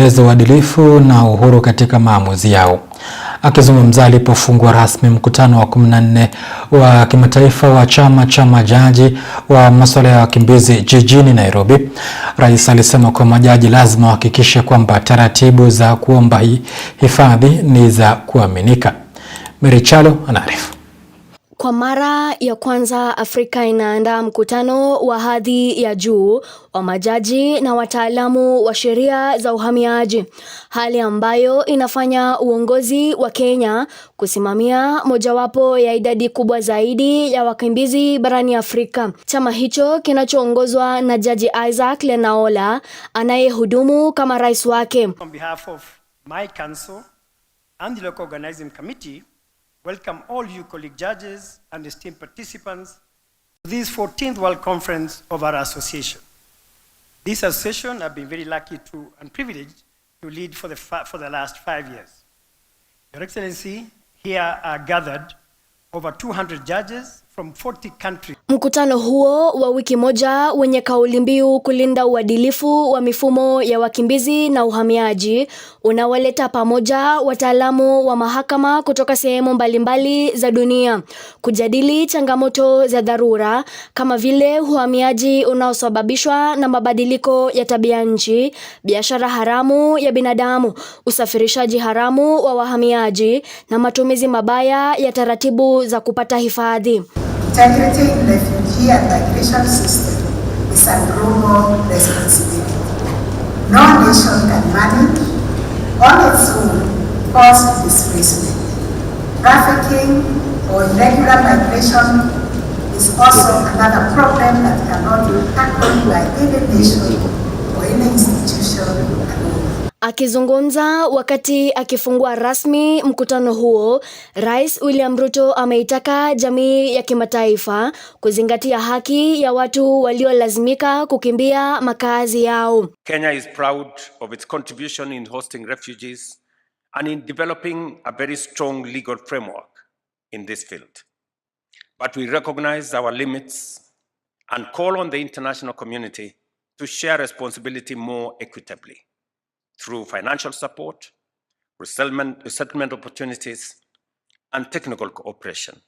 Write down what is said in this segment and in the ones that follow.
kuendeleza uadilifu na uhuru katika maamuzi yao. Akizungumza alipofungua rasmi mkutano wa 14 wa kimataifa wa chama cha majaji wa masuala ya wakimbizi jijini Nairobi, rais alisema kuwa majaji lazima wahakikishe kwamba taratibu za kuomba hifadhi ni za kuaminika. Merichalo anaarifu. Kwa mara ya kwanza Afrika inaandaa mkutano wa hadhi ya juu wa majaji na wataalamu wa sheria za uhamiaji, hali ambayo inafanya uongozi wa Kenya kusimamia mojawapo ya idadi kubwa zaidi ya wakimbizi barani Afrika. Chama hicho kinachoongozwa na Jaji Isaac Lenaola anayehudumu kama rais wake. On behalf of my council and the local organizing committee welcome all you colleague judges and esteemed participants to this 14th World Conference of our association. This association I've been very lucky to and privileged to lead for the, for the last five years. Your Excellency, here are gathered over 200 judges from 40 countries Mkutano huo wa wiki moja wenye kauli mbiu kulinda uadilifu wa mifumo ya wakimbizi na uhamiaji unawaleta pamoja wataalamu wa mahakama kutoka sehemu mbalimbali za dunia kujadili changamoto za dharura kama vile uhamiaji unaosababishwa na mabadiliko ya tabia nchi, biashara haramu ya binadamu, usafirishaji haramu wa wahamiaji na matumizi mabaya ya taratibu za kupata hifadhi. Integrity in refugee and migration system is a global responsibility. No nation can manage on its own forced displacement. Trafficking or irregular migration is also another problem that cannot be tackled by any nation or any institution alone. Akizungumza wakati akifungua rasmi mkutano huo, Rais William Ruto ameitaka jamii ya kimataifa kuzingatia haki ya watu waliolazimika kukimbia makazi yao. Kenya is proud of its contribution in hosting refugees and in developing a very strong legal framework in this field. But we recognize our limits and call on the international community to share responsibility more equitably through financial support, resettlement, resettlement opportunities, and technical cooperation.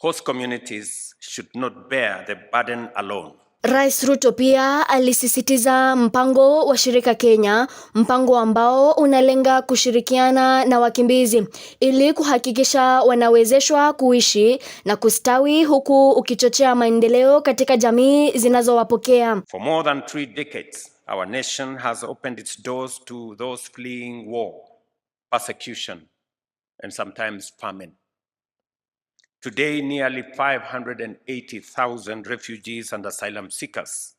Host communities should not bear the burden alone. Rais Ruto pia alisisitiza mpango wa Shirika Kenya, mpango ambao unalenga kushirikiana na wakimbizi ili kuhakikisha wanawezeshwa kuishi na kustawi huku ukichochea maendeleo katika jamii zinazowapokea. For more than three decades, Our nation has opened its doors to those fleeing war, persecution, and sometimes famine. Today, nearly 580,000 refugees and asylum seekers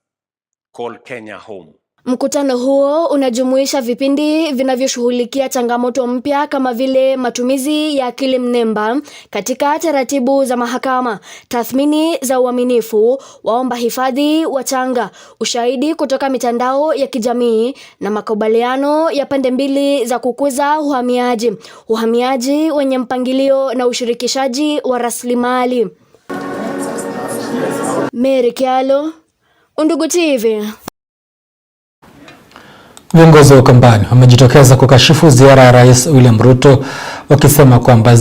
call Kenya home. Mkutano huo unajumuisha vipindi vinavyoshughulikia changamoto mpya kama vile matumizi ya akili mnemba katika taratibu za mahakama, tathmini za uaminifu, waomba hifadhi wachanga, ushahidi kutoka mitandao ya kijamii na makubaliano ya pande mbili za kukuza uhamiaji, uhamiaji wenye mpangilio na ushirikishaji wa rasilimali. Mary Kyalo, Undugu TV. Viongozi wa Ukambani wamejitokeza kukashifu ziara ya Rais William Ruto wakisema kwamba